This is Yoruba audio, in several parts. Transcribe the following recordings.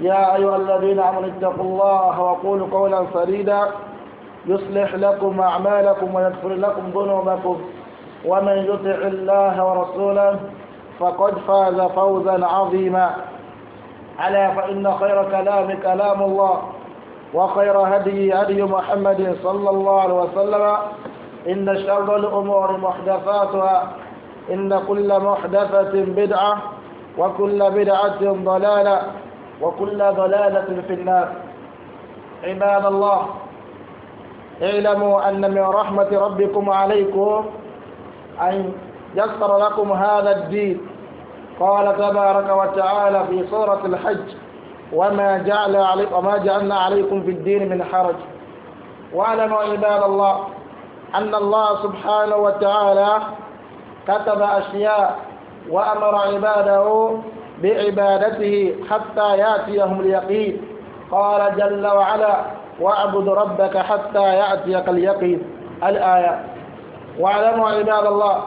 يا أيها الذين آمنوا اتقوا الله وقولوا قولا سديدا يصلح لكم أعمالكم ويغفر لكم ذنوبكم ومن يطع الله ورسوله فقد فاز فوزا عظيما ألا فإن خير كلام كلام الله وخير هدي هدي محمد صلى الله عليه وسلم إن شر الأمور محدثاتها إن كل محدثة بدعة وكل بدعة ضلالة وكل ضلالة في النار عباد الله اعلموا أن من رحمة ربكم عليكم أن يسر لكم هذا الدين قال تبارك وتعالى في سورة الحج وما جعل عليكم وما جعلنا عليكم في الدين من حرج واعلموا عباد الله أن الله سبحانه وتعالى كتب أشياء وأمر عباده بعبادته حتى يأتيهم اليقين قال جل وعلا واعبد ربك حتى يأتيك اليقين الآية واعلموا عباد الله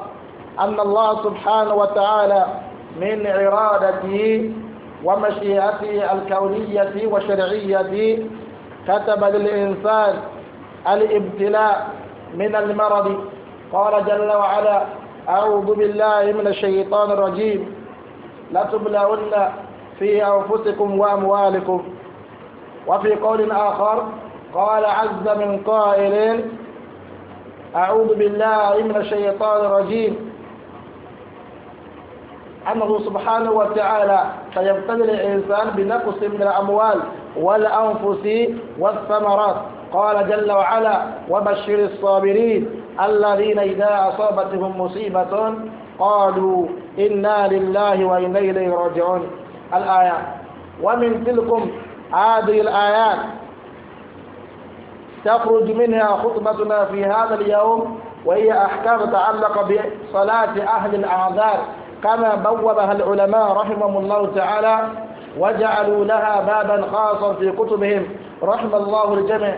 أن الله سبحانه وتعالى من إرادته ومشيئته الكونية والشرعية كتب للإنسان الابتلاء من المرض قال جل وعلا أعوذ بالله من الشيطان الرجيم لا في أنفسكم وأموالكم وفي قول آخر قال عز من قائل أعوذ بالله من الشيطان الرجيم أنه سبحانه وتعالى سيبتلي الإنسان بنقص من الأموال والأنفس والثمرات قال جل وعلا وبشر الصابرين الذين إذا أصابتهم مصيبة قالوا إنا لله وإنا إليه راجعون الآيات ومن تلكم هذه الآيات تخرج منها خطبتنا في هذا اليوم وهي أحكام تعلق بصلاة أهل الأعذار كما بوبها العلماء رحمهم الله تعالى وجعلوا لها بابا خاصا في كتبهم رحم الله الجميع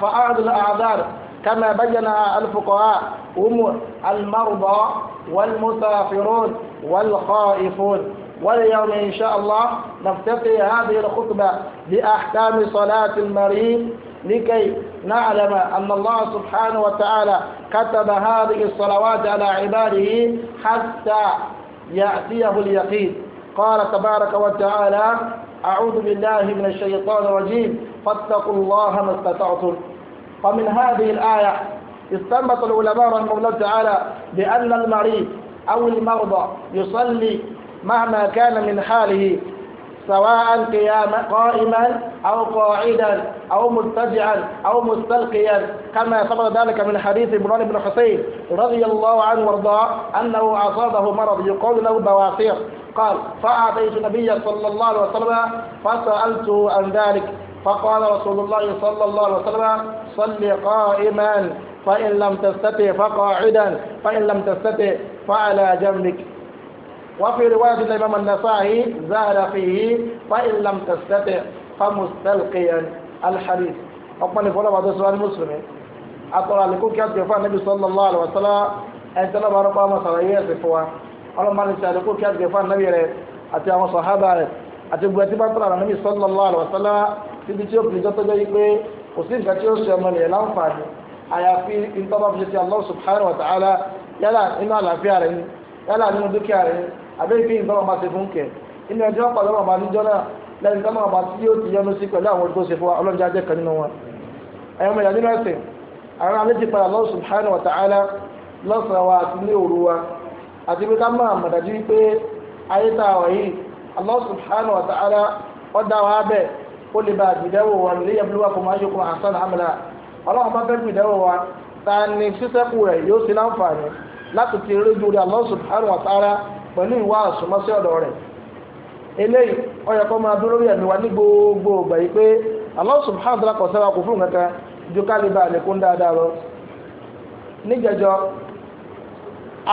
فأهل الأعذار كما بينها الفقهاء هم المرضى والمسافرون والخائفون واليوم إن شاء الله نفتقي هذه الخطبة بأحكام صلاة المريض لكي نعلم أن الله سبحانه وتعالى كتب هذه الصلوات على عباده حتى يأتيه اليقين قال تبارك وتعالى أعوذ بالله من الشيطان الرجيم فاتقوا الله ما استطعتم فمن هذه الآية استنبط العلماء رحمه الله تعالى بأن المريض أو المرضى يصلي مهما كان من حاله سواء قياما قائما أو قاعدا أو مضطجعا أو مستلقيا كما ثبت ذلك من حديث عمران بن حسين رضي الله عنه وارضاه أنه أصابه مرض يقال له بواسير قال فأتيت النبي صلى الله عليه وسلم فسألته عن ذلك فقال رسول الله صلى الله عليه وسلم صل قائما فإن لم تستطع فقاعدا فإن لم تستطع فعلى جنبك وفي رواية الإمام النسائي زاد فيه فإن لم تستطع فمستلقيا الحديث ọpọ ní fọlọ́wọ́ tó sọ́wọ́ ní mùsùlùmí àtọ̀rọ̀ àlékún kí á tẹ̀ fún ànábì sallallahu alaihi wasallam ẹni tẹ́lẹ̀ bá rọ́pọ̀ àwọn sàlàyé ẹ̀sìn fún wa ọlọ́mọdé sàlékún kí á tẹ̀ fún ànábì rẹ̀ àti àwọn sàhábà rẹ̀ àti gbogbo ẹtí bá tọ́lá àrùn níbi sallallahu alaihi wasallam síbi tí ó fi jọ́ tọ́jọ́ yìí pé kò sí nǹkan tí ó ṣe ọmọ nìyẹn láǹfààní àyàfi ìtọ́ba fi ṣe ti Allah subhanahu wa ta'ala yálà nínú àlàáfíà rẹ̀ ni yálà nínú dúkìá rẹ̀ ni àbẹ́ ìfi ìtọ́ba máa ṣe fún kẹ̀ inú ẹjọ́ pàdé ọmọ àníjọ́ náà lẹ́yìn tọ́mọ àbá tí yóò ti yọnu sí pẹ̀lú àwọn olùkó ṣe fún wa ọlọ́jà jẹ́ kan nínú wọn. ẹ̀yọ́ mẹ́ta nínú ẹ̀sìn àwọn àlejò padà Allah subhanahu wa ta'ala lọ́sàn-án wa àti ní òru wa àti pé ká máa mọ̀dájú wípé ayé tá a wà yìí Allah subhanahu wa ta'ala ọ̀dà wa bẹ̀ ó lè ba àgbìdẹ́wò wa lè yabluwakum ayyukum ahsanu amala ọlọ́run bá bẹ́ẹ̀ gbìdẹ́wò wa ta ni sísẹ́kù rẹ̀ yóò ṣe láǹfààní láti ti rí lórí Allah subhanahu wa ta'ala pẹ̀lú ìwà àsùnmọ́sí ọ̀dọ̀ rẹ̀ eléyìí ju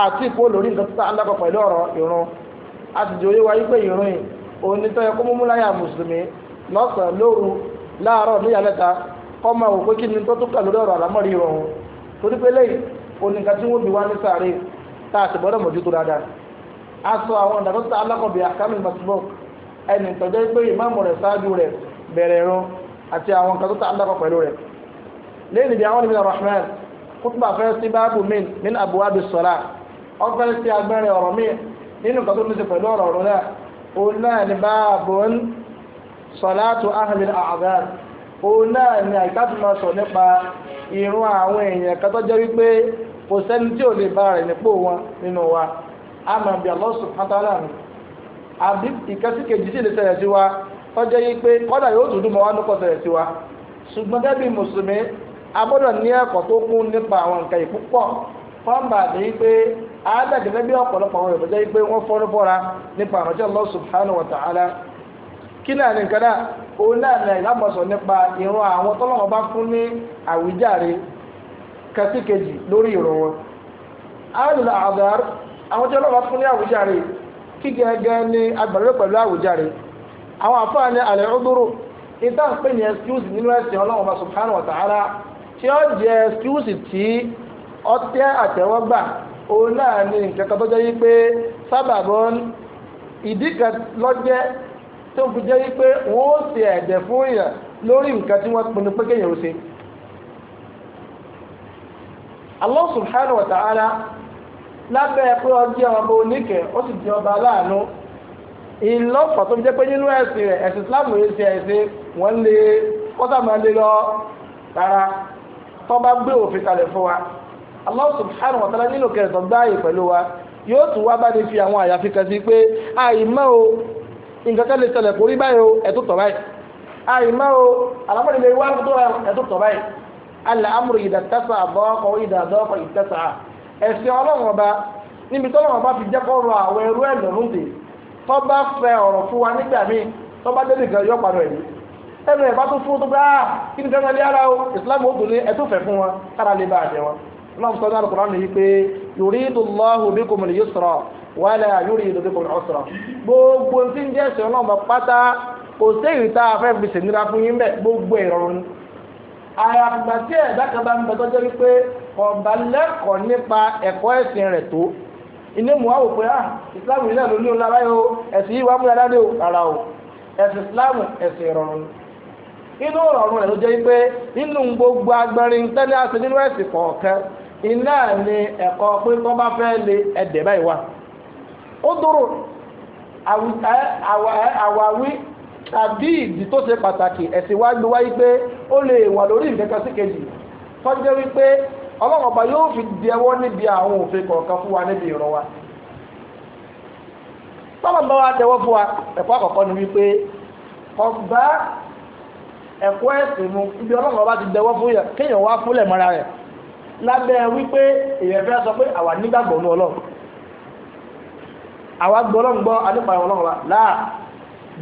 àti ìkó lórí nǹkan tó tá pẹ̀lú a sì jòyè wáyé pé ìrun yìí onítọ́ yẹ kó mú múláyà mùsùlùmí lọ́sàn-án lóru láàárọ̀ níyàlẹ́ta kọ́ máa wò pé kí ni tó tún kà lórí ọ̀rọ̀ àlámọ̀rí ìrọ̀rùn torí pé lẹ́yìn oníkà tí wọ́n bí wá ní sàárè tá a sì gbọ́dọ̀ mójútó dáadáa a sọ àwọn ìdàgbọ́ tó alákọ̀bí àkàmì masibok ẹni tọ́jọ́ pé ìmáàmù rẹ̀ ṣáájú rẹ̀ bẹ̀rẹ̀ ẹ̀rọ àti àwọn nǹkan tó ta alákọ̀ pẹ̀lú rẹ̀ lẹ́yìn ìdí àwọn ìbílẹ̀ min nínú nǹkan tó ní ṣe pẹ̀lú ọ̀rọ̀ náà òun náà ni báàbùn sọ̀látù ahlil àgbàr o náà ni àìkáàtù máa sọ nípa irun àwọn èèyàn kan jẹ́ wípé kò sẹ́ni tí ò lè bá rẹ̀ nípò wọn nínú wa àmọ́ bí Allah subhanahu wa àbí ìkẹ́síkejì sì lè ṣẹlẹ̀ sí wa jẹ́ wípé kọ́dà yóò wá ní sí wa ṣùgbọ́n gẹ́gẹ́ a gbọ́dọ̀ fọ́nbà ní pé àádàgẹ́gẹ́ bí ọ̀pọ̀lọpọ̀ àwọn ìbọ̀jẹ́ wípé wọ́n fọ́nú fọ́ra nípa àrùn tí Allah subhanahu wa ta'ala kí náà ní nǹkan náà òun náà ní ìlàmọ̀sọ̀ nípa ìrun àwọn tọ́lọ́mọ bá fún ní àwíjàre kẹsí kejì lórí ìrun wọn àádùn àdàr àwọn tí ọlọ́mọ fún ní àwíjàre kí gẹ́gẹ́ ní agbàlẹ́ pẹ̀lú àwíjàre àwọn àfáà ní àlẹ́ ọdúró ìtàn pé ní excuse nínú ẹ̀sìn ọlọ́mọ subhanahu wa ta'ala tí ó jẹ́ excuse tí ọtẹ àtẹwọgbà òun náà ni nǹkan kan tó jẹ́ wípé sábàbọ̀ ìdí kan lọ́jẹ́ tó fi jẹ́ wípé wọ́n ó ṣe ẹ̀jẹ̀ fún èèyàn lórí nǹkan tí wọ́n pinnu pé kéèyàn ó ṣe. Allah subhanahu wa ta'ala lábẹ́ pé ọjọ́ ọba oníkẹ̀ ó sì di Islam yìí ṣe ẹ̀sìn wọ́n lé kọ́tà máa lé lọ rárá bá gbé Allah subhanahu wa ta'ala nílò kẹrìntàn gbáàyè pẹ̀lú wa yóò tún wá bá ní fi àwọn àyàfi kan sí pé àìmọ́ o nǹkan kan lè ṣẹlẹ̀ kó rí báyìí o ẹ̀tọ́ tọ̀ báyìí àìmọ́ o àlámọ́ni lè wá tó ra ẹ̀tọ́ tọ̀ báyìí al-amru idha ittasa'a daqa wa idha daqa ittasa'a ẹ̀sìn ọlọ́run ọba níbi tọ́lọ́run ọba fi jẹ́ kó rọ àwọn ẹrú ẹ̀ lọ́rùn dè tó bá fẹ́ ọ̀rọ̀ fún wa nígbà míì tó bá dé nìkan yọ pàdé ẹ̀mí ẹnu ẹ̀ bá tún fún tó bá ah, kí ni kẹ́kẹ́ lé ara o ìsìlámù ó dùn ní ẹ̀tún fẹ́ fún wọn kára lè bá àjẹ wọn ọlọ́run sọ ní alukùrán ní wípé yuridu Allahu bikumul yusra wala yuridu bikumul usra gbogbo tí ń jẹ́ ẹ̀sìn ọlọ́run bá pátá kò séyìí tá a fẹ́ fi ṣènira fún yín gbogbo ìrọ̀rùn ni àyàfùgbà ń bẹ jẹ́ wípé ọ̀bà lẹ́kọ̀ọ́ nípa ẹ̀kọ́ ẹ̀sìn rẹ̀ tó ilé muhawu pé ah islam ilé ló ní ọlá báyìí o ẹ̀sìn yìí wàá múra dáadé o rárá o ẹ̀sìn islam ẹ̀sìn ìrọ̀rùn inú ìrọ̀rùn rẹ̀ ló jẹ́ wípé inú gbogbo agbẹrin tẹ́lẹ̀ àti nínú ẹ̀sìn kọ̀ọ̀kan iná ni ẹ̀kọ́ pé tó bá fẹ́ lé ẹ̀dẹ̀ báyìí wà ó dúró àwáwí tàbí ìdí tó ṣe pàtàkì ẹ̀sìn wá gbé wáyé pé ó lè wà lórí ìkẹ́kọ̀ọ́ sí kejì tọ́jẹ́ wípé ọlọ́run ọba yóò fi di ẹwọ́ níbi àwọn òfin kọ̀ọ̀kan fún wa níbi ìran wa tọ́lọ́n bá wa tẹwọ́ fún wa ẹ̀kọ́ àkọ́kọ́ ni wípé ọba ẹ̀kọ́ ẹ̀sìn mu ibi ọlọ́run ti dẹwọ́ fún yẹn kéèyàn wá fúnlẹ̀ mọ́ra rẹ̀ lábẹ́ wípé èèyàn fẹ́ sọ pé àwa nígbàgbọ́ ní ọlọ́run àwa gbọ́ ọlọ́run gbọ́ anípa ọlọ́run wa láà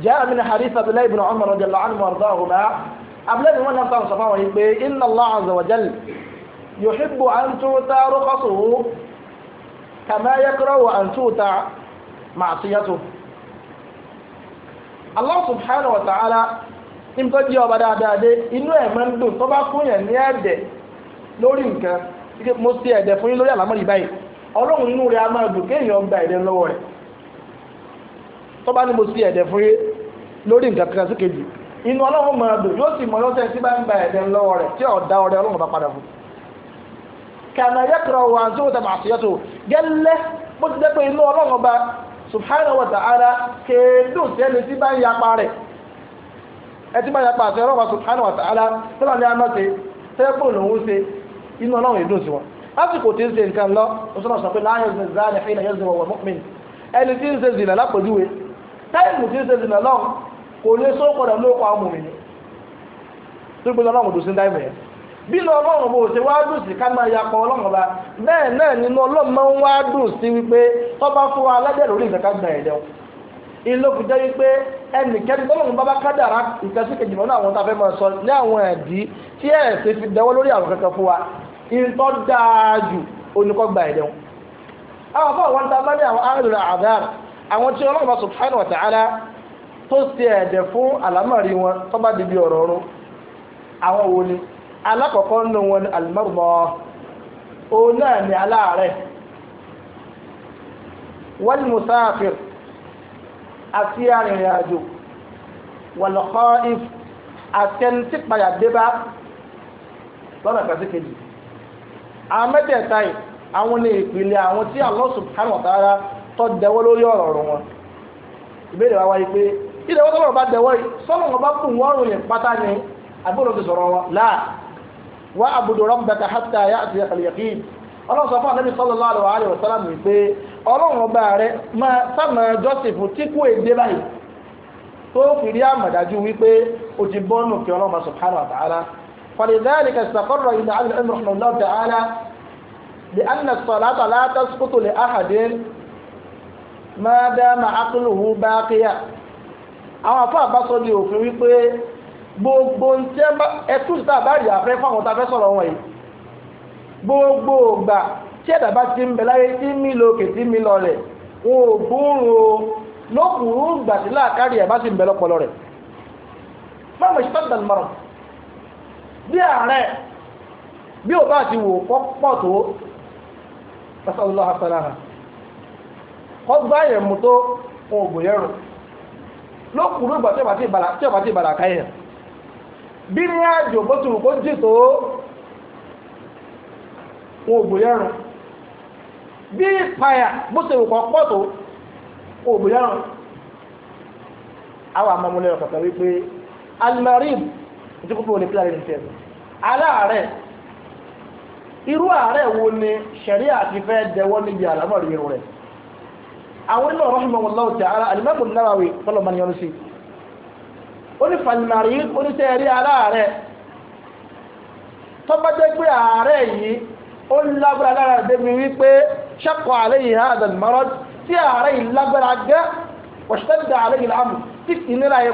jẹ́ àmì ní hadith abdullahi ibn umar radiyallahu anhu ọ̀rọ̀dọ́ ọ̀hùnmá abdullahi wọn náà sọ̀rọ̀ sọ̀fọ̀ wọ̀nyí pé inna allah azza wa jal yuhibbu an tuta rukhasuhu kama yakrahu an tuta ma'siyatuhu allah subhanahu wa lórí nǹkan mo ṣe ẹ̀dẹ̀ fún yín lórí àlámọ́rí báyìí ọlọ́run inú rẹ̀ a máa dùn kéèyàn gba ẹ̀dẹ̀ lọ́wọ́ rẹ̀ tó bá ní mo ṣe ẹ̀dẹ̀ fún yín lórí nǹkan kan sí kejì inú ọlọ́run máa dùn yóò sì mọ lọ́sẹ̀ tí bá ń gba ẹ̀dẹ̀ lọ́wọ́ rẹ̀ tí ọ̀dá ọrẹ ọlọ́run bá padà fún yẹ́kọ̀rọ̀ wà ń gẹ́lẹ́ ti inú ọlọ́run bá subhanahu wa ta'ala kéèdùn inú ọlọ́run yìí dùn sí wọn lásìkò tí ń ṣe nǹkan lọ òṣùnà sọ pé láàyè ṣe zani fún ìnáyẹ ṣe wọ̀wọ̀ mọ́kùnmí ẹni tí ń ṣe zìnà lápòjúwe táìmù tí ń ṣe zìnà lọ́run kò lè só padà ló kọ àwọn òmìnir tó gbé ọlọ́run dùn sí dáìmù yẹn bí lọ ọlọ́run bò ṣe wá dùn sí ká máa yapọ̀ ọlọ́run ọba bẹ́ẹ̀ náà nínú ọlọ́run máa ń wá dùn sí wípé tó bá fún wa aládẹ́ lórí ìfẹ́ ká gbà ẹ̀dẹ́ ìlú fi jẹ́ wípé ẹnìkẹ́ni tọ́lọ́run bá bá kádàrá ìtẹ́síkejì mọ́nà àwọn tá a fẹ́ máa sọ ní àwọn ẹ̀dí tí ẹ̀sìn fi dẹwọ́ lórí àwọn kankan fún wa ìtọ́ dáájú oníkọ́gba ẹ̀dẹ̀ wọn. àwọn afọ àwọn tá a bá ní àwọn àrùn àdáàrù àwọn tí ọlọ́run bá subhanahu wa ta'ala tó ṣe ẹ̀dẹ̀ fún àlámọ̀rí wọn tó bá di bí ọ̀rọ̀ ọ̀run àwọn wo ni alákọ̀ọ́kọ́ nínú wọn ni alimọ́rùmọ́ òun náà ni aláàárẹ̀ wal musafir àti arìnrìn àjò wal khaif àtẹnití padà dé bá lọ́nà kàtíkejì àwọn mẹ́tẹ̀ẹ̀ta yìí àwọn ní ìpìlẹ̀ àwọn tí Allah subhanahu wa ta'ala tó dẹwọ́ lórí ọ̀rọ̀ ọ̀rọ̀ wọn ìbéèrè wa wáyé pé ilé wọn tọ́lọ̀ bá dẹwọ́ yìí sọ́nà wọn bá kù wọn rabbaka hatta ya'tiyaka al-yaqin ọlọ́run sọ fún sallallahu alaihi wa sallam mi pé ọlọ́run ọba rẹ máa sábà jọ́sìfù tí kò èdè báyìí tó fi rí àmọ̀dájú wípé o ti bọ́nù kí ọlọ́run subhanahu wa ta'ala فلذلك استقر ابن عبد العلم رحمه الله تعالى بأن الصلاة لا تسقط لأحد ما دام عقله باقيا àwọn afọ àbáṣọ di òfin wípé gbogbo ntẹ ẹtú sí àbárí àfẹ fún àwọn tá a fẹ́ sọ̀rọ̀ wọn yìí gbogbo ògbà tí ẹ̀dá bá ti ń bẹ láyé tí mi lọ òkè tí mi lọ rẹ̀ wọn ò búrò lókùnrin gbàtí láàkárí ẹ̀ bá ti ń bẹ lọ́pọlọ rẹ̀ fáwọn ìṣẹ́ tó dàlùmọ́ràn bí ààrẹ bí ò bá ti wò pọ̀ tó lọ́sọ̀lọ́ àṣàlára kọ́ gbá yẹn mú tó oògùn yẹn rò lókùnrin ìgbà tí ọba ti ìbàdà káyẹ̀ bí ní àjò bó ti wù kó tó oògùn yẹn rò bí ìpayà bó ti wù kọ́ tó oògùn yẹn rò almarib ètò kúkú òní pílà rẹ̀ tẹ̀lé aláàárẹ̀ irú àárẹ̀ wo ni ṣẹ̀rí àti fẹ́ dẹwọ́ níbi àlámọ̀rí irun rẹ̀ àwọn iná rahimahullahu ta'ala alimẹ́kùn náwàwí tọ́lọ̀ mani yọnu sí ó ní falimari ó ní sẹ́ẹ̀rí aláàárẹ̀ tó bá jẹ́ pé àárẹ̀ yìí ó lágbára lára débi wípé ṣẹ́kọ̀ àlẹ́ yìí ha àdàlù mọ́rọ́ tí ìnira yìí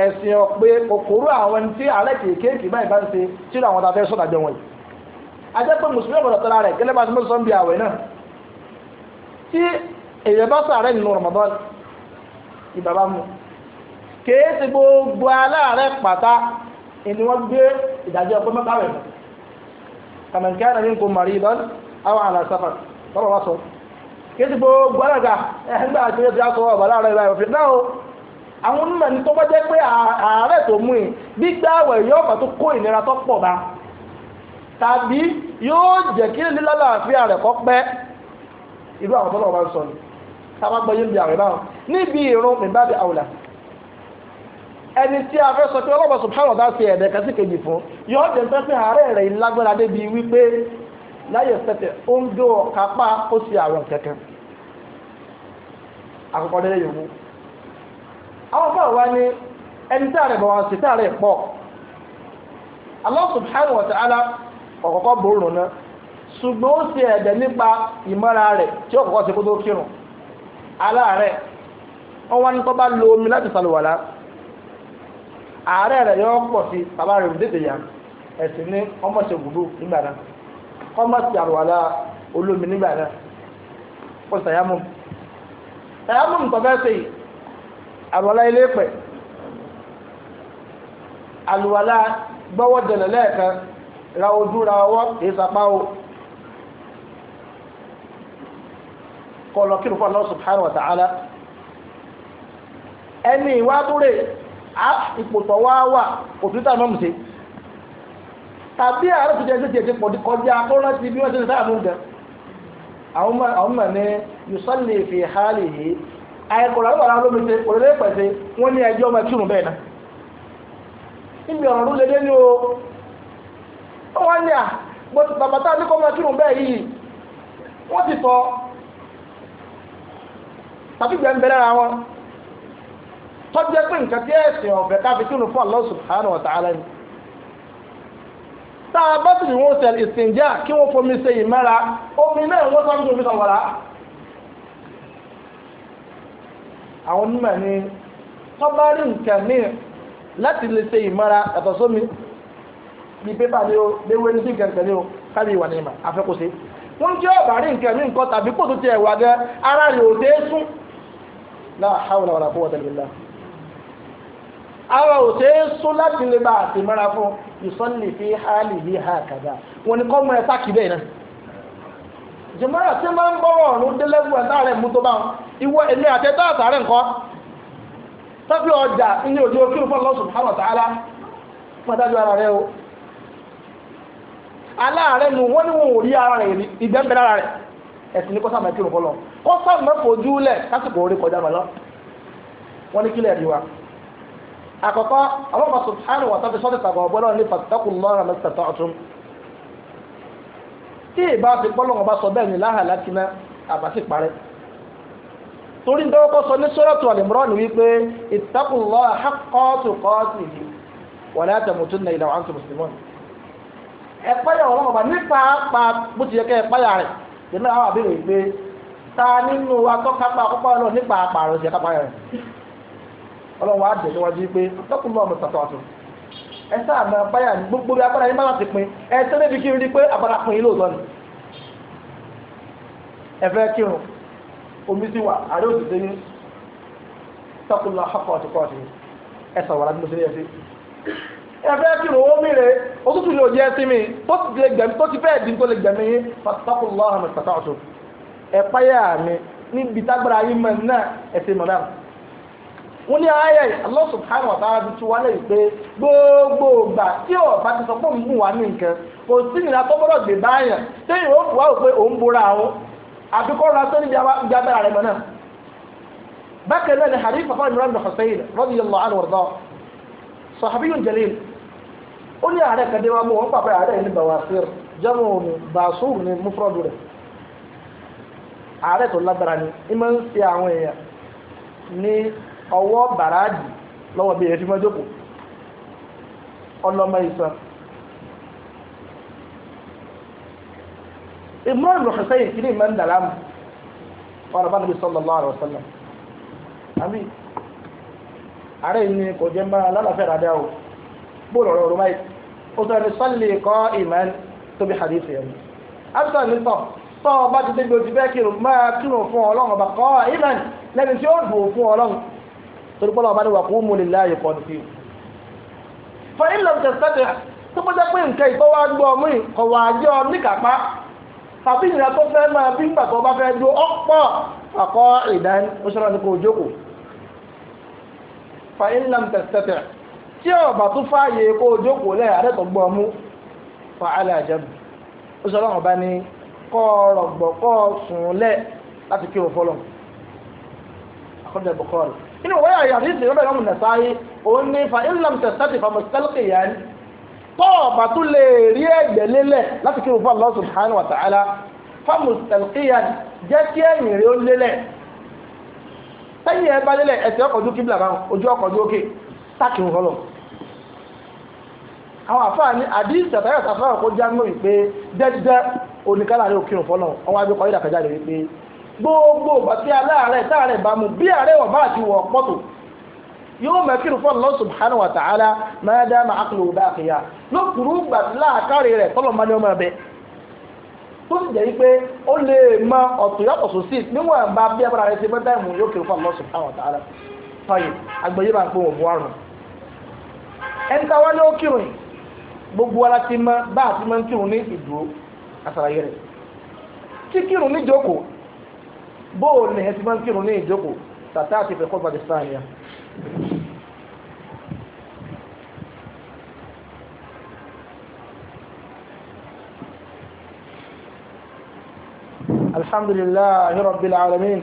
ẹ̀sìn ọ̀pẹ òkúrú àwọn tí alẹ́ kéékèèké báyìí bá ń ṣe tí ó àwọn tàbí sọ̀tàjọ wọ̀nyí. ajẹ́ pé mùsùlùmí ọ̀gbọ̀dọ̀ tọ́ra rẹ̀ gẹ́lẹ́ bá ti mú sọ́ńbì àwẹ̀ náà tí èyàn bá sàárẹ̀ nínú Ramadan ìbàbá mu kèé ti gbogbo aláàrẹ̀ pàtá ni wọ́n gbé ìdájọ́ ọpẹ́ mẹ́ta rẹ̀ kàmẹ̀kẹ́ àná nínú mọ̀rí ìdán àwọn àlà sáfà tọ́lọ̀ wá sọ kèé ti gbogbo alága ẹ̀ńgbà àti ẹ̀ńgbà àti ọ̀bà láàrẹ̀ ìbáyọ̀ fi náà àwọn onímọ̀ ní tó bá jẹ́ pé ààrẹ tó mú in gbígbà àwẹ̀ yóò kàn tó kó ìnira tó pọ̀ bá tàbí yóò jẹ́ kí lílálàáfíà rẹ̀ kọ́ pẹ́ irú àwọn tọ́lọ̀ bá ń sọ ni ká má gbọ́ yé bí àwẹ̀ báwọn níbi ìrun ìbáde àwòlà ẹni tí a fẹ́ sọ pé ọlọ́pàá subhanahu wa ṣe ẹ̀dẹ̀ kẹsì kejì fún yóò jẹ́ pé pé ààrẹ rẹ̀ lágbára débi wípé láyé sẹ́tẹ̀ ó ń dó ọ̀kápá ó sì àrùn kẹ̀kẹ́ àkọ́kọ́ délé yòówù àwọn bá wà ní ẹni táàrẹ̀ bá wà sí táàrẹ̀ pọ̀ wa ta'ala ọ̀kọ̀kọ́ bòrò náà ṣùgbọ́n ó ṣe ẹ̀dẹ̀ nípa ìmọ́ra rẹ̀ tí ó ṣe kó tó kírun aláàárẹ̀ wọ́n wá ní bá lo omi láti ṣàlùwàlá ààrẹ rẹ̀ yọ pọ̀ sí bàbá rẹ̀ esi yá ẹ̀sìn ní ọmọ gbùdú nígbà náà olómi nígbà náà ó àlùwàlá ilé pẹ̀ àlùwàlá gbọ́wọ́ dẹ̀nà lẹ́ẹ̀kan ra ojú ra ọwọ́ ìsapá o kọlọ kí lùfọ́ Allah subhanahu wa ta'ala ẹni ìwádúrè ìpòtọ̀ wá wà òtútà mọ́mù sí tàbí ààrẹ tó jẹ́ sí jẹ́ pọ̀ kọjá tó rántí bí wọ́n ti sáà mú gan àwọn mọ̀ ní yusalli fi halihi àìkọ̀rọ̀ àlọ́bàrà olómìnira òrèlé pẹ̀sẹ̀ wọ́n ní ẹjọ́ ọmọ ẹkírun bẹ́ẹ̀ náà níbi ọ̀rọ̀ ló lédè ní o wọ́n ní à bó ti bàbàtà ní kọ́mọ ẹkírun bẹ́ẹ̀ yìí wọ́n ti tọ́ tàbí gbẹ̀ǹbẹ̀ lára wọn tọ́jú ẹgbẹ́ nǹkan tí ẹ̀sìn ọ̀fẹ́ káfí kírun wọ́n sẹ̀ omi àwọn onímọ̀ ni tó bá rí nǹkan míì láti lè ṣe ìmọ̀ra ẹ̀tọ́ bí pépà ni o léwé ní sí nǹkan kan ni o káàdì ìwà ni ìmọ̀ afẹ́kọ̀ọ́sẹ́ wọ́n jẹ́ ọ̀bà rí nǹkan míì nǹkan tàbí kò tó ti ẹ̀wà gẹ́ ara rẹ̀ ò dé sún la hawla wala quwwata illa billah ara ò é sún láti lè bá àtìmọ́ra jùmọ́rà tí máa ń bọ́rọ̀ ọ̀run délẹ́gùn ẹ̀ láàrẹ̀ mú tó bá wọn ìwọ èmi àti ẹ̀tọ́ àtàrẹ̀ nǹkan tọ́pì ọjà ní òjò kírun fún Allah subhanahu wa ta'ala fún adájọ́ ara rẹ o aláàrẹ̀ nu wọ́n ní wọn ò rí ara rẹ̀ rí ìgbẹ́ ń bẹ lára rẹ̀ ẹ̀sìn ní kọ́sà máa kírun fọlọ́ kọ́sà máa fojú lẹ̀ lásìkò orí kọjá mọ́ lọ wọ́n ní kílẹ̀ rí wa àkọ́kọ́ Allah subhanahu wa ta'ala fi sọ́dọ̀ tàbọ̀ ọ̀bọ́lọ́ ní fattaqullaha mastata'tum tí ìbá fi pọ́lọ́wọ́n bá sọ bẹ́ẹ̀ ni láhà lákiná àbàtì parẹ́ torí nítorí kọ́ sọ ní sọ́rọ̀tù àlìmọ́rán ni wípé ittaqullah haqqa tuqatihi wa la tamutunna illa wa antum muslimun ẹ páyà ọlọ́wọ́n bá nípa pa bó ti yẹ kẹ́ ẹ páyà rẹ̀ ìdílé àwọn àbẹ̀wò pé ta nínú atọ́kápá akọ́pá ọlọ́run nípa àpàrọ̀ sí rẹ̀ ọlọ́run wá dé níwájú pé ittaqullah ẹ sáà máa báyà ní gbogbo bí agbára yín bá láti pin ẹ tẹ́ kí n rí pé agbára pin yín lóòótọ́ ni ẹ fẹ́ kírun omi sí wa àárẹ̀ òtítẹ́ yín tọkùnlá ọkọ̀ ọ̀tìkọ̀ ọ̀tì ẹ sọ̀rọ̀ láti mo ṣe yẹ sí ẹ fẹ́ kírun omi rẹ̀ òtútù ló jẹ́ sí mi tó ti lè gbẹ̀mí tó ti fẹ́ dín tó lè gbẹ̀mí yín tọkùnlá ọ̀hún ẹ̀ pàyà mi níbi tágbára yín mọ̀ náà ẹ̀ wọ́n ní ayé Allah subhanahu wa ta'ala ti wá lẹ́yìn gbogbo ìgbà tí ọ̀bá ti sọ pé òun bù wá ní nǹkan kò sí nìyà tó gbọ́dọ̀ gbé báyàn téèyàn ó fi wá òun bora àwọn àbíkọ́ ra sórí na abẹ́rẹ́ rẹ̀ mọ́ bákan náà ni hadith bàbá sahabiyun jalil ó ní ààrẹ kan dé wá mú wọn pàpẹ ààrẹ ní bawasir ni basur ni rẹ ààrẹ tó ni ìmọ̀ ń àwọn èèyàn ní ọwọ́ bàrádì lọ́wọ́ bí ẹ̀sìn fọ́jọ́kù ọlọ́mọ ìsàn ìmúra ìrọ̀kẹ̀sẹ̀ yìí kìíní ìmọ̀ ń dàrá mu wọn bá níbi sallallahu alaihi wasallam àbí ààrẹ ni kò jẹ́ máa lálàfẹ́ rádá o bóòlù ọ̀rọ̀ ọ̀rọ̀ máyì ó sọ ẹni sọ́ọ̀lì kọ́ ìmọ̀ tóbi hadith yẹn absa nítọ̀ tọ́ ọ bá ti débi torí pọ́lọ́ ọba ni wà kó mú lè láàyè kọ́ ní fíìmù. fọ ilẹ̀ tẹ̀sẹ̀tẹ̀ tó bọ́jà pé nǹkan ìtọ́ wa gbọ́ ọmú ìkọ̀ wà ájọ́ níkàpá tàbí ìrìn àtọ́ fẹ́ máa bí ìgbà tó bá fẹ́ do ọ̀pọ̀ àkọ́ ìdán oṣooṣọ́ ni kò láti kí òfọlọ́ àkọ́jà bọ̀kọ́rọ̀ inú wọ́n yà àdísì ìwé bẹ̀rẹ̀ ọmọdé sáyé òun ní fa islam tẹ̀sítẹ́tì fa mùsùlùmí yẹn tọ́ọ̀bà tó lè rí ẹ̀gbẹ́ lélẹ̀ láti kí wọ́n Allah subhanahu wa ta'ala fa mùsùlùmí yẹn jẹ́ kí ẹ̀yìn rí ó lélẹ̀ sẹ́yìn ẹ bá lélẹ̀ ẹsẹ̀ ọkọ̀ ojú kíbla kan ojú ọkọ̀ ojú òkè táàkì ńkọ́ lọ. àwọn àfáà ní àdísì àtàyàtà fẹ́ràn kó já mọ́ wípé dẹ́dẹ́ oníkálà ní òkè gbogbo bàtí aláàárẹ̀ táàrẹ̀ bá mu bí àárẹ̀ wọ̀ bá àti wọ̀ pọ́tò yóò mẹ́kìrì fún subhanahu wa ta'ala máa dá máa kúrò bá àkìyà lókùrú gbàtí láàkárì rẹ̀ tọ́lọ̀ máa ní ọmọ ẹ̀bẹ̀ tó sì jẹ́ pé ó lè mọ ọ̀tún yàtọ̀ sósì níwọ̀n bá bí abúlé rẹ̀ ti fẹ́ dáìmù yóò kiri fún Allah subhanahu wa ta'ala máa wọ́n bu ẹni gbogbo ara ti mọ bá àti máa kírun ní ìdúró بول ní ẹtí máa ń kírun ní ìjókòó tàtà àti الحمد لله رب العالمين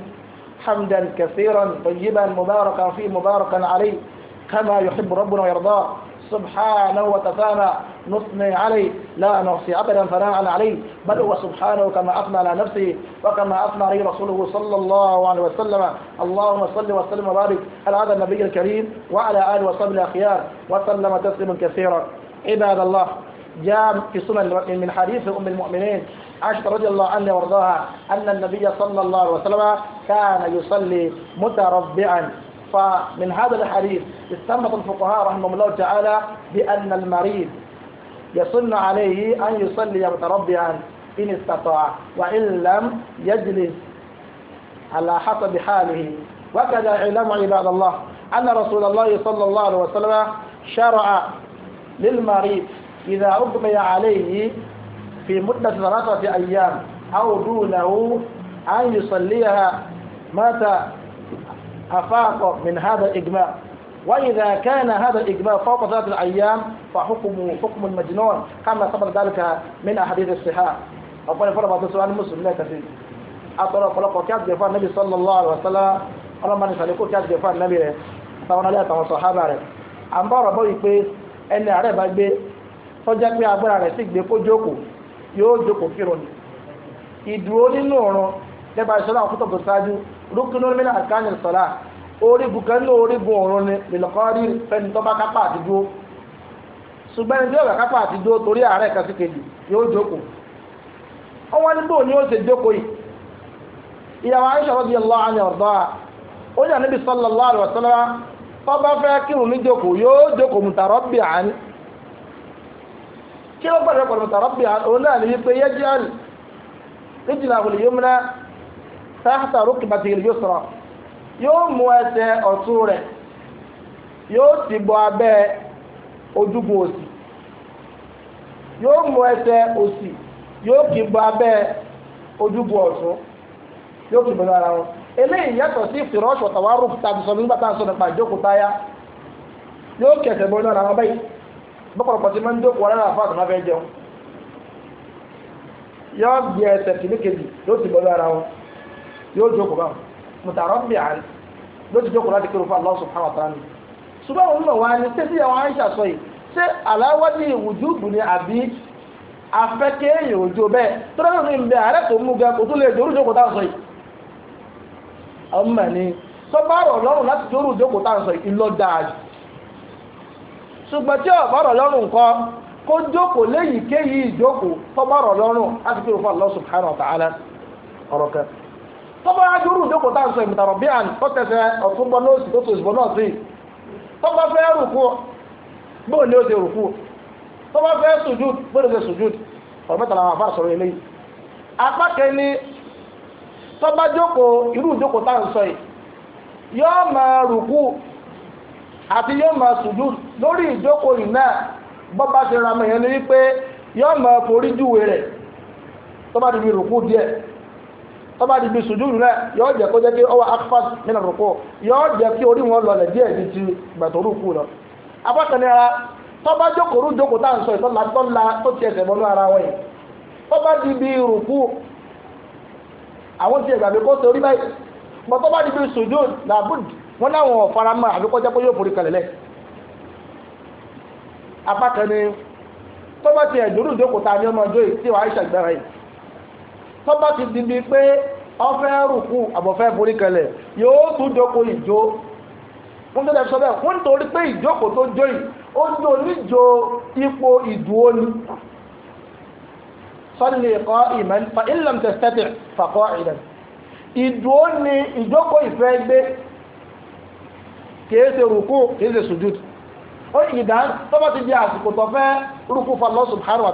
حمدا كثيرا طيبا مباركا فيه مباركا عليه كما يحب ربنا ويرضاه سبحانه وتعالى نثني عليه لا نعصي أبدا ثناء عليه بل هو سبحانه كما أثنى على نفسه وكما أثنى عليه رسوله صلى الله عليه وسلم اللهم صل وسلم وبارك على هذا النبي الكريم وعلى آله وصحبه الأخيار وسلم تسليما كثيرا عباد الله جاء في سنن من حديث أم المؤمنين عائشة رضي الله عنها وارضاها أن النبي صلى الله عليه وسلم كان يصلي متربعا فمن هذا الحديث استنبط الفقهاء رحمهم الله تعالى بأن المريض يصن عليه أن يصلي متربعا إن استطاع وإن لم يجلس على حسب حاله وكذا علم عباد الله أن رسول الله صلى الله عليه وسلم شرع للمريض إذا أغمي عليه في مدة ثلاثة أيام أو دونه أن يصليها متى أفاق من هذا الإجماع وإذا كان هذا الإجماع فوق ذات الأيام فحكمه حكم المجنون كما ثبت ذلك من أحاديث الصحاح أقول فرما تسوان مسلم لا تفيد أطلع فلقوا كاد جفاء النبي صلى الله عليه وسلم أنا ما نسألكوا كاد جفاء النبي táwọn alẹ́ àtàwọn sọ̀hábà rẹ̀ à ń bá ọ̀rọ̀ bọ́ wípé ẹni ààrẹ bá gbé tọ́jà pé agbára rẹ̀ sì gbé kó jókòó yóò jókòó kírun ni ìdúró nínú ọ̀run lẹ́bàá orígun kan ní orígun ọ̀run ni lèlọ́kọ́rí fẹ́ni tó bá kápá àti dúró ṣùgbọ́n ẹni tí yóò kápá àti dúró torí ààrẹ kan sí kejì ni ó ṣe ó yà níbi sallallahu alaihi wasallam tó bá fẹ́ kírun ní jókòó yóò jókòó mutarabbi'an kí ló gbọ́dọ̀ pẹ̀lú mutarabbi'an òun náà ní wípé yẹ́jì yóò mú ẹsẹ̀ ọ̀tún rẹ̀ yóò sì bọ abẹ́ ojúgun òsì yóò mú ẹsẹ̀ òsì yóò kì bọ abẹ́ ojúgun ọ̀tún yóò kì bọ lára wọn eléyìí yàtọ̀ sí ìfìrọ́ṣù ọ̀tàwárù tàbí sọ nígbà tá à sọ nípa ìjókòó táyà yóò kẹsẹ̀ bọ náà làwọn báyìí ń jókòó àtàwọn jẹun yóò gbé kìnnìkejì yóò sì bọ wọn yóò jókòó báwọn. mùtàrọ́bì àrí ti joko láti kírun fún Allah subhanahu wa ta'ala suba àwọn onímọ̀ wa ni ṣé sí àwọn Aisha sọ ni àbí afẹ́kẹ́ èèyàn òjò bẹ́ẹ̀ tó ní ìbẹ̀ ààrẹ tó mú gan kò tún lè dòrú jókòó táwọn sọ yìí ọmọ ni tó bá rọ̀ sọ yìí lọ ṣùgbọ́n tí kó jókòó ìjókòó tọba adúrú ìjókòó tá à ń sọ ìmìtàrọ̀ bí tó tó tó náà sí tọ́ba fẹ́ rùkú bóò ní ó rùkú tọba fẹ́ sùjúd bóò ní ó sùjúd ọ̀rọ̀ mẹ́ta làwọn sọ̀rọ̀ eléyìí apá kẹni irú yìí rùkú àti sùjúd lórí yìí náà bọ́ba ra mọ̀ yẹn wípé tọ́ba di bi sùjúdù náà yóò jẹ́ kó jẹ́ kí ọwọ́ akfas nínú rúkú yóò jẹ́ kí orí wọn lọlẹ̀ díẹ̀ di ti gbàtọ́rù kù lọ. abọ́sẹ̀nira tọ́ba jókòrú jókòó tá à ń sọ ìtọ́la tọ́la tó ti ẹsẹ̀ bọ́nú ara wọn yìí tọ́ba di bi rúkú àwọn ti ẹ̀gbàgbé kó torí báyìí mọ tọ́ba di bi sùjúdù làbùd wọn náà wọn fara mọ́ àbí kó jẹ́ kó yóò forí kalẹ̀ lẹ̀. ni tọ́ba ti ẹ̀dùrú jókòó tá ní ọmọ tí wàá ṣàgbára yìí tó bá ti di bíi pé ọfẹ́ rùkú àbọ̀fẹ́ borí kẹlẹ̀ yóò tún jókòó ìjó wọ́n tó dẹ̀ sọ bẹ́ẹ̀ wọ́n torí pé ìjókòó tó jó yìí ó jó níjó ipò ìdúró ni sọ́lẹ̀ kọ́ ìmẹ́ni ó ìdá tó ti di àsìkò tó fẹ́ rùkú fọlọ́ subhanahu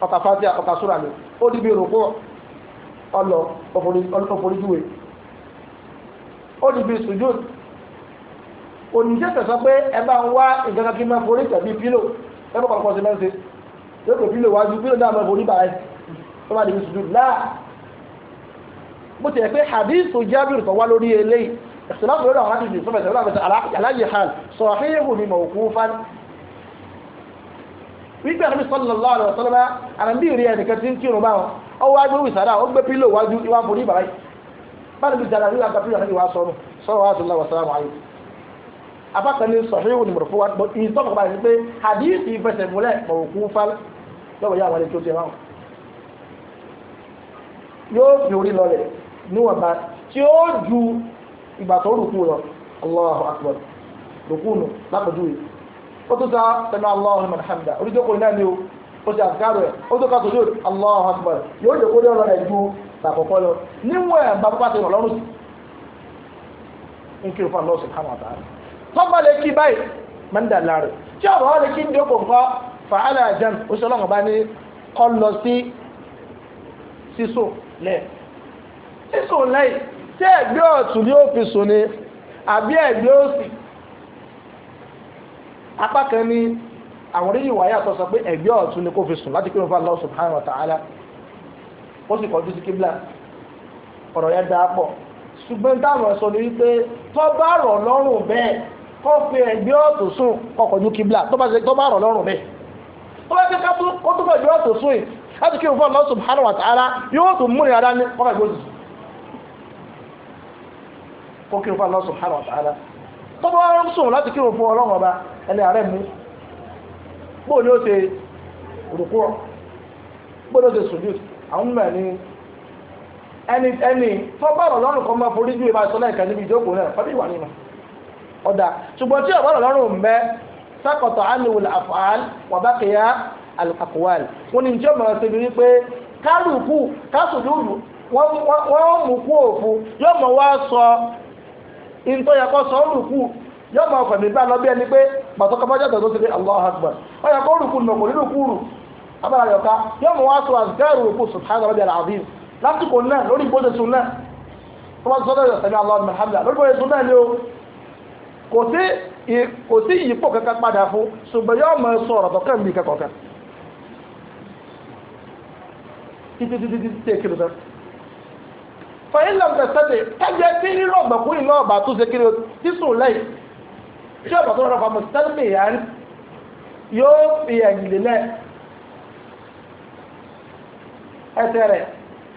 ọkà fatia ọkà súra ni ó di bí rògbò ọlọ ọforíjúwe ó di bí sujud oníṣẹ́sẹ̀ sọ pé ẹ bá ń wá nǹkan kan kí máa forí tàbí pílò ẹ bá kọ̀ọ̀kan sí máa ń ṣe yóò pè pílò wájú pílò náà máa forí bàá ẹ máa di bí sujud láà bó ti yẹ pé hadith jábìrì tó wá lórí eléyìí ìṣẹ̀lẹ̀ lórí àwọn hadith sọ̀rọ̀ ìṣẹ̀lẹ̀ àlàyé hàn sọ̀rọ̀ àfihàn mi mọ̀ wípé àrùn sallallahu alaihi wasallam àrùn bí ìrìn ẹnìkan tí ń kírun báwọn ó wá gbé wìsàdá ó gbé pílò wájú ìwà forí bàbá yìí báyìí bí jàdá nílá gàpí àrùn ìwà sọnù sọ̀rọ̀ wà sọlá wàsálà wà yìí apákan ní sọ̀híwò ní mọ̀rọ̀fọ́ wá ìtọ́ bàbá yìí pé hadithi fẹsẹ̀ múlẹ̀ mọ̀rọ̀kú fal lọ́wọ́ yá àwọn ètò ìwà yóò fi orí lọlẹ̀ níwọ̀nba tí akbar rùkú nù lápẹ̀jú ó tún sa sami Allahu liman hamida oníjókòó náà ni o ó ṣe àfikàrọ̀ ẹ̀ ó tún ká sojó Allahu yóò jẹ́ kó lé ọ̀rọ̀ rẹ̀ ju lọ níwọ̀n ẹ̀ Allah subhanahu wa ta'ala tọ́gbà lè kí báyìí máa ń dà láàrẹ̀ tí ọ̀rọ̀ wọn lè kí ń jókòó nǹkan fàálà jẹun ó ṣe ọlọ́run bá ní kọ́ lọ sí sísò lẹ́ẹ̀ sísò lẹ́yìn tí ẹ̀gbẹ́ ọ̀tún ni ó fi sùn ni àbí ẹ̀gbẹ́ òsì apá kan ní àwọn orí ìwà yàtọ̀ sọ pé ẹ̀gbẹ́ ọ̀tún ni kò fi sùn láti kírun fún Allah subhanahu wa ta'ala ó sì kọjú sí kíbla ọ̀rọ̀ yẹn dáa pọ̀ ṣùgbọ́n táwọn sọ ni wípé tó bá rọ̀ lọ́rùn bẹ́ẹ̀ kó fi ẹ̀gbẹ́ ọ̀tún sùn kó kọjú kíbla tó bá rọ̀ lọ́rùn bẹ́ẹ̀ tó bá ti ká kó tó fẹ̀gbẹ́ ọ̀tún sùn yìí láti kírun fún Allah subhanahu wa ta'ala yóò tún múni ara ní kó fẹ̀gbẹ́ ọ̀tún sùn kó kírun fún Allah subhanahu tó bá ń sùn láti kírun fún ọlọ́run ọba ẹni ààrẹ mú bóò ni ó ṣe rùkú bóò ni ó ṣe sùdíù àwọn mímọ̀ ní ẹni ẹni tó bá rọ̀ lọ́rùn kan máa forí ju ìbá sọ lẹ́ẹ̀kan níbi ìjókòó náà fọ́bí ìwà nínú ọ̀dà ṣùgbọ́n tí ọ̀bá rọ̀ lọ́rùn mẹ́ sákọ̀tọ̀ ánìwòl àfààl wàbákẹ́yà àkùwàl wọn ni jẹ́ mọ̀ràn síbi wípé kálukú kásùdúdù wọ́n mú kú òfu yóò mọ̀ wá sọ ìntọ́ yẹ kọ́ sọ rùkú yọ mọ ọkọ̀ nígbà lọ bí ẹni pé pàtó kọ́ bọ́jà tó ti pé Allahu Akbar ó yẹ kó rùkú nù kò abala yọka yọ mọ wá sọ àzùkẹ́rù sun sọ títí títí títí fẹ̀yìn lọ́gbẹ̀ sẹ́tẹ̀ kẹ́jẹ́ tí nínú ọ̀gbẹ̀ fún iná ọ̀bà tó ṣe kiri sísùn lẹ́yìn tí ọ̀bà tó rọrọ̀ fàmù sẹ́lẹ̀mì yẹn yóò fi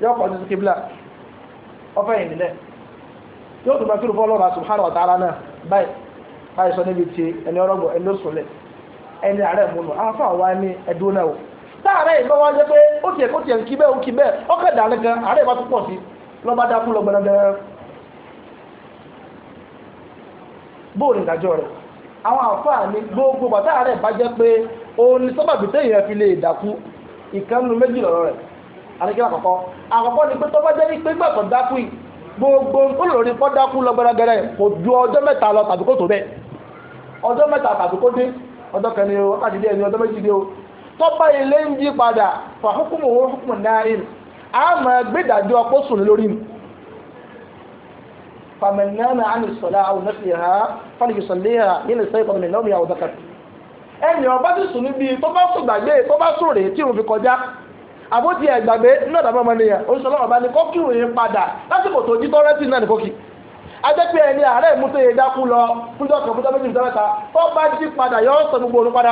yóò kọjú sí yóò bá subhanahu wa ta'ala náà báyìí báyìí sọ níbi tí ẹni ẹni ló ẹni àáfà wa ní ẹdún náà o táàrẹ̀ ìgbọ́wọ́ jẹ́ pé ó tiẹ̀ kó tiẹ̀ ń kí bẹ́ẹ̀ ó kí bẹ́ẹ̀ ọkọ̀ lọ́ba dákú lọ gbẹdẹgbẹrẹ bóòlù ìdájọ́ rẹ̀ àwọn àfáà ní gbogbo bàtà rẹ̀ bá jẹ́ pé òun ni sábàbí téèyàn fi lè dákú ìkànnù méjì lọ́rọ̀ rẹ̀ àdékẹ́ àkọ́kọ́ àkọ́kọ́ ni pé tó bá jẹ́ ní pé gbàtọ̀ dákú yìí gbogbo olórí kọ́ dákú lọ gbẹdẹgbẹrẹ kò ju ọjọ́ mẹ́ta lọ tàbí kò tó bẹ́ẹ̀ ọjọ́ mẹ́ta tàbí kò dín ọjọ́ kẹrin o wákàtí ni ọjọ́ méjì díẹ̀ o tọ́ba ilé ń yí padà fàhùkùmù òun hùkùmù náà a ma gbé ìdájọ́ ọpọ́ sùn lórí mi fàmìnàmì àmìsọ̀lá àwọn na fàlìkìsọ̀lẹ́hà sẹ́yìn àwọn ọba ti sùn níbi tó bá sùn gbàgbé tó bá sùn rèé tí òun fi kọjá àbótí ẹ̀ gbàgbé náà dàbọ̀ ọmọnìyàn ọba ni kọ́kì òye padà lásìkò tó jí tọ́rẹ́tì náà ní kọ́kì ajẹ́pẹ́ ẹni àárẹ̀ mú tó yẹ dákú lọ fúnjọ́ kan fúnjọ́ méjì fúnjọ́ mẹ́ta tó bá jí padà yọ sọ gbogbo padà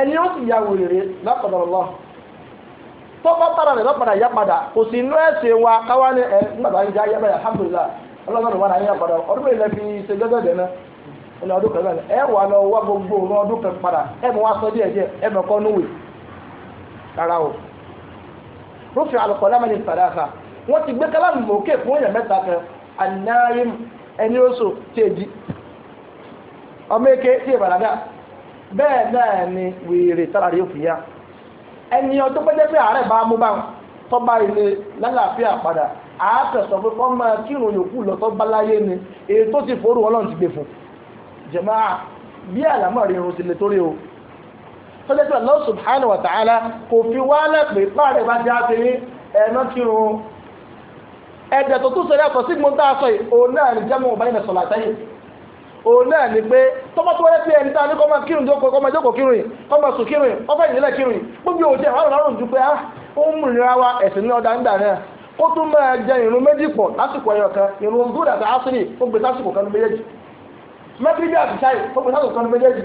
ẹni ó sì ya wèrè lápàdàrọ̀ lọ tọ́pọ̀ tara rẹ̀ lọ́pàdà yá padà kò sí inú ẹ̀sìn wa káwá ní ẹ̀ ńgbàdà ń já yábàyà alhamdulillah ọlọ́run wà láyé àpàdà ọdún mélòó fi ṣe jọ́jọ́ dẹ̀ náà ọdún kan náà ẹ wà lọ wá gbogbo ọ̀nà ọdún kan padà ẹ mọ wá sọ díẹ̀ díẹ̀ ẹ mọ kọ́ núwèé rárá o rúfin wọ́n ti gbé bẹ́ẹ̀ náà ni wèrè tára rí òfin yá ẹni ọdún pẹ́jẹ́ pé àárẹ̀ bá mú báwọn tọ́ba ilé lálàáfíà padà àátẹ̀sọ̀ pé kọ́ máa kírun yòókù lọ tó bá láyé ni èyí tó ti forú ọlọ́run ti gbé fún jẹ̀mọ́ bí àlámọ̀ rí irun ti lè torí o tọ́jẹ́ pé Allah subhanahu wa ta'ala kò fi wá lẹ́pẹ́ páàrẹ̀ bá jẹ́ àti ní ẹ̀mọ́ kírun ẹ̀dẹ̀ tó tún sọ òun náà ni pé tọ́mọ́tọ́ wọlé sí ẹni tá a ní kọ́mọ kírun jókòó kọ́mọ jókòó kírun yìí kọ́mọ sùn kírun yìí ọfẹ́ kírun yìí gbogbo òjò àwọn ju pé ah ó ń múnira wa ẹ̀sìn ní ọ̀dà ńgbà náà ó tún máa jẹ ìrun méjì pọ̀ lásìkò ẹyọ kan ìrun gúd àti asiri ó gbé sásìkò kan méjèèjì mẹ́tíríbì àti ó gbé sásìkò kan méjèèjì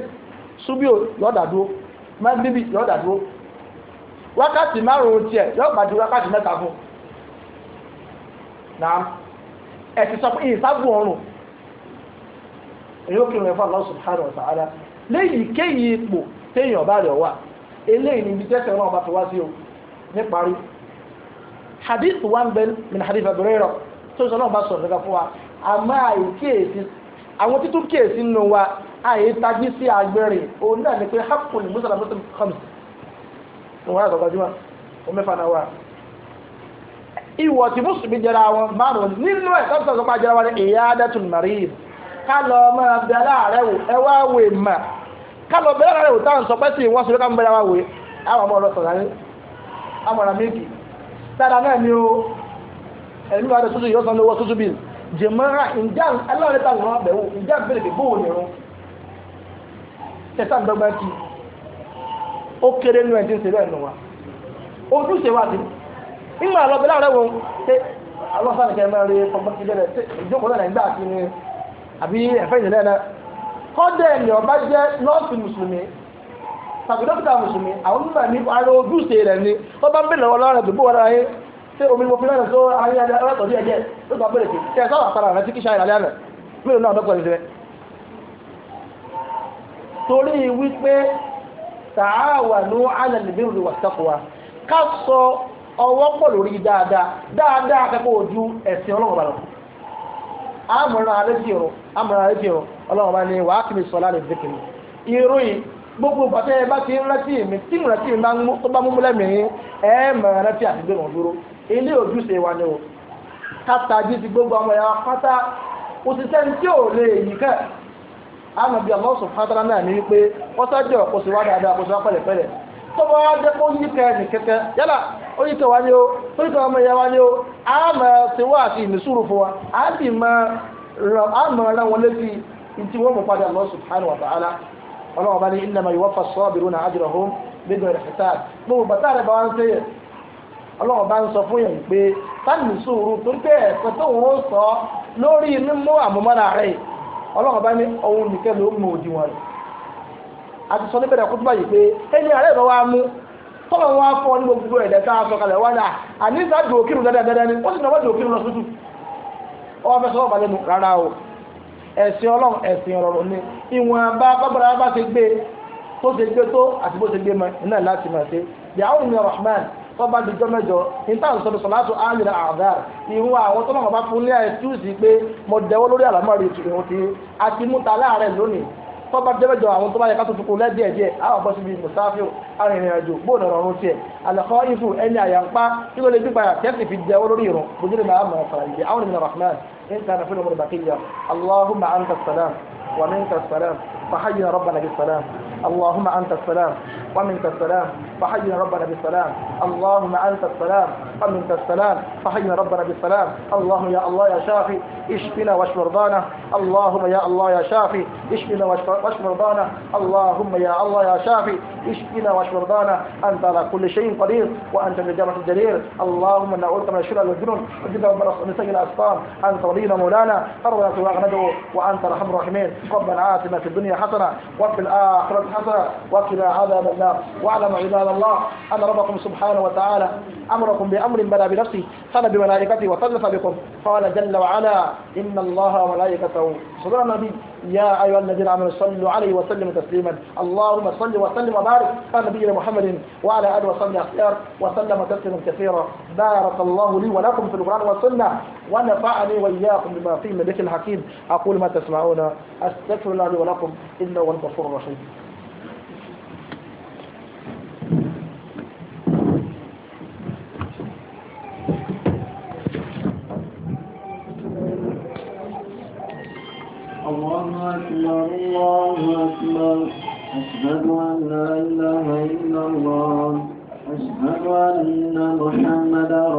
mẹ́tíríbì èyí ó kírun ẹ̀fọ́ Allah subhanahu wa ta'ala léyìí kéyìí ipò téèyàn bá rẹ̀ wà eléyìí ni ibi tẹ́sẹ̀ náà bá fi wá sí o níparí hadith wa ń bẹ min hadith abirẹ́rọ̀ tó sọ náà bá sọ̀rọ̀ nípa fún wa àmọ́ àìkíyèsí àwọn títún kíyèsí nù wa àyè tají sí agbẹ́rẹ̀ òun náà ni pé hapun musallam muslim comes ní wọn àgbàgbà jùmọ̀ ó mẹ́fà náà wà ìwọ̀ tí mùsùlùmí jẹra wọn márùn nínú ẹ̀ sọ́tọ̀ sọ́pá jẹra wọn ni ìyá adẹ́tùn marid ká lọ máa bẹ wò ẹ wò mà ká lọ bẹ aláàárẹ̀ wò táwọn sọ sí ìwọ́n sọ̀rọ̀ ká na wò àwọn ọmọ ọlọ́sọ̀ láyé amọ̀ra méjì dáadáa náà ni ó ẹ̀mí wa dẹ̀ tútù yóò san lówó tútù bíi jẹ̀mọ́ra ìjà aláàárẹ̀ táwọn bẹ̀ wò tẹ̀sán dọ́gba kí ó kéré wa ojúṣe wa ti ìmọ̀ wọn ṣe ìjókòó nígbà àbí ẹ̀fẹ́ ìdílé náà kọ́dẹ̀ ni ọba jẹ́ nọ́ọ̀sì mùsùlùmí tàbí dókítà mùsùlùmí àwọn onímọ̀ ní ara ojúṣe rẹ̀ ni wọ́n bá ń bèèrè lọ́wọ́ lọ́rẹ̀ dùbò wọn ayé ṣé omi mo fi lọ́rẹ̀ tó ayé alátọ̀dí ẹ̀jẹ̀ ló gba ká sọ ọwọ́ pọ̀ lórí dáadáa dáadáa akẹ́kọ̀ọ́ ojú ẹ̀sìn ọlọ́run àmọ̀ràn àlejò ìrún àmọ̀ràn àlejò ìrún ọlọ́run bá ní wàá kìlì sọ̀lá lè dìkì ní. irú yìí gbogbo bàtà ẹ bá ti ń rántí mi tí mo rántí mi tó bá lẹ́mìí ẹ rántí o gbogbo ọmọ pátá òṣìṣẹ́ ní tí ò lè kẹ́ àmọ̀ bí ọlọ́sùn pátá náà ní wípé tọ́wọ́ adé kó yí kẹ́ ẹ̀sìn kẹ́kẹ́ yálà ó wa ni o ó yí kẹ́ wa ni o a máa ti wá àti ìmísùrù fún wa a sì máa ràn wọn létí ìtí wọn mú padà Allah subhanahu wa ọlọ́wọ́ bá ní innama yuwaffa as-sabiruna ajrahum bighayri hisab gbogbo bàtà rẹ̀ bá wá ń àti sọ níbẹ̀rẹ̀ kútúbà yìí pé ẹni ààrẹ ìbọn wa mú tọ́lọ̀ wọn fọ ní gbogbo ẹ̀dẹ̀ tá a sọ kalẹ̀ wá náà àní ìsá jò kírun dáadáa ni ó sì náwó jò kírun lọ sójú ọwọ́ fẹ́ sọ́wọ́ balẹ̀ nù rárá o ẹ̀sìn ọlọ́run ẹ̀sìn ọ̀rọ̀ ni ìwọ̀n bá bábara bá ṣe gbé tó ṣe gbé tó àti bó ṣe gbé mọ iná láti máa ṣe yàwó ni rahman tó bá dijọ́ mẹ́jọ níta ń sọdọ̀ sọ̀lá tó áyìnrà àdáà ìwọ̀n àwọn tó náà bá fún ní àìsíwìsì pé mo dẹwọ́ lórí àlámọ́ rẹ̀ tù tó bá débẹ̀jọ àwọn tó bá yẹ ká tuntun kún lẹ́díẹ̀ díẹ̀ àwọn bọ́ síbi mùsáfíù àwọn ìrìn àjò bóònà ọ̀run tiẹ̀ àlẹ́kọ́ ìfù ẹni àyànpá tí ló lè gbígbà tẹ́sì fi jẹ́ olórí ìrùn bójú lè máa mọ̀ ọ̀fàlàyé àwọn ìrìn àràfàlàyé ń ta àfihàn ọmọdé bàkìyà allahumma anta salam ومنك السلام فحينا ربنا بالسلام اللهم أنت السلام ومنك السلام فحينا ربنا بالسلام اللهم أنت السلام ومنك السلام فحينا ربنا بالسلام اللهم يا الله يا شافي اشفنا واشف مرضانا اللهم يا الله يا شافي اشفنا واشف مرضانا اللهم يا الله يا شافي اشفنا واشف مرضانا أنت على كل شيء قدير وأنت بالجامعة الجليل اللهم نعوذ من الشرع والجنون وجدنا من سيء الأسقام أنت ولينا مولانا ربنا وأغنده وأنت أرحم الراحمين ربنا آتنا في الدنيا حسنة وفي الآخرة حسنة وقنا عذاب النار واعلموا عباد الله أن ربكم سبحانه وتعالى أمركم بأمر بلا بنفسه فلا بملائكته وثلث بكم قال جل وعلا إن الله وملائكته صلى النبي يا أيها الذين آمنوا صلوا عليه وسلم تسليما اللهم صل وسلم وبارك على نبينا محمد وعلى آله وصحبه أخيار وسلم تسليما كثيرا بارك الله لي ولكم في القرآن والسنة ونفعني وإياكم بما فيه من ذكر الحكيم أقول ما تسمعون أستغفر الله لي ولكم إنه هو الغفور الرحيم الله أكبر الله أكبر أشهد أن لا إله إلا الله أشهد أن محمدا